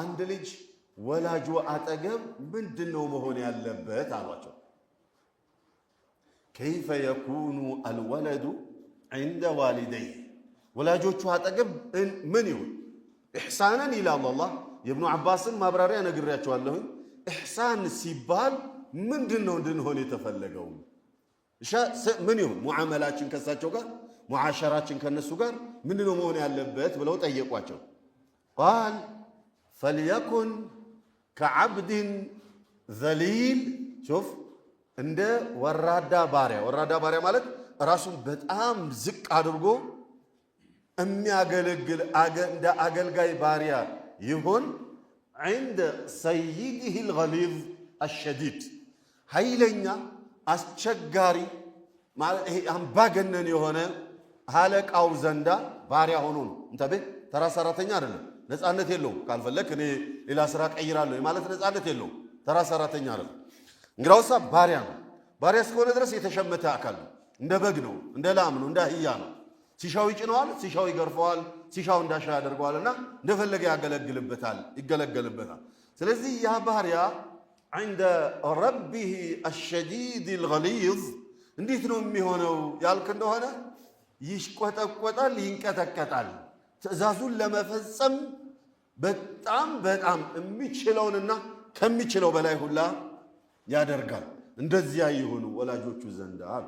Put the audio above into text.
አንድ ልጅ ወላጁ አጠገብ ምንድን ነው መሆን ያለበት አሏቸው። ከይፈ የኩኑ አልወለዱ ዒንደ ዋሊደይ ወላጆቹ አጠገብ ምን ይሁን? ኢሕሳንን ይላል አላህ። የብኑ ዓባስን ማብራሪያ ነግሬያቸዋለሁኝ። ኢሕሳን ሲባል ምንድን ነው እንድንሆን የተፈለገው? ምን ይሁን ሙዓመላችን ከእሳቸው ጋር ሙዓሸራችን ከነሱ ጋር ምንድን ነው መሆን ያለበት ብለው ጠየቋቸው ቃል ፈልየኩን ከዓብድን ዘሊል ሹፍ እንደ ወራዳ ባሪያ። ወራዳ ባሪያ ማለት ራሱን በጣም ዝቅ አድርጎ የሚያገለግል እንደ አገልጋይ ባሪያ ይሁን። ዐንደ ሰይዲህ ልገሊዝ አሸዲድ ኃይለኛ አስቸጋሪ አምባገነን የሆነ አለቃው ዘንዳ ባሪያ ሆኖ ነው። እንተቤ ተራ ሰራተኛ አይደለም። ነፃነት የለውም። ካልፈለግ እኔ ሌላ ስራ ቀይራለሁ ማለት ነፃነት የለውም። ተራ ሰራተኛ አለ። እንግዳውሳ ባሪያ ነው። ባሪያ እስከሆነ ድረስ የተሸመተ አካል ነው። እንደ በግ ነው፣ እንደ ላም ነው፣ እንደ አህያ ነው። ሲሻው ይጭነዋል፣ ሲሻው ይገርፈዋል፣ ሲሻው እንዳሻ ያደርገዋል እና እንደፈለገ ያገለግልበታል፣ ይገለገልበታል። ስለዚህ ያ ባሪያ ዐንደ ረቢህ አሸዲድ ልገሊዝ እንዴት ነው የሚሆነው ያልክ እንደሆነ ይሽቆጠቆጣል፣ ይንቀጠቀጣል ትዕዛዙን ለመፈጸም በጣም በጣም የሚችለውንና ከሚችለው በላይ ሁላ ያደርጋል። እንደዚያ ይሆኑ ወላጆቹ ዘንድ አሉ።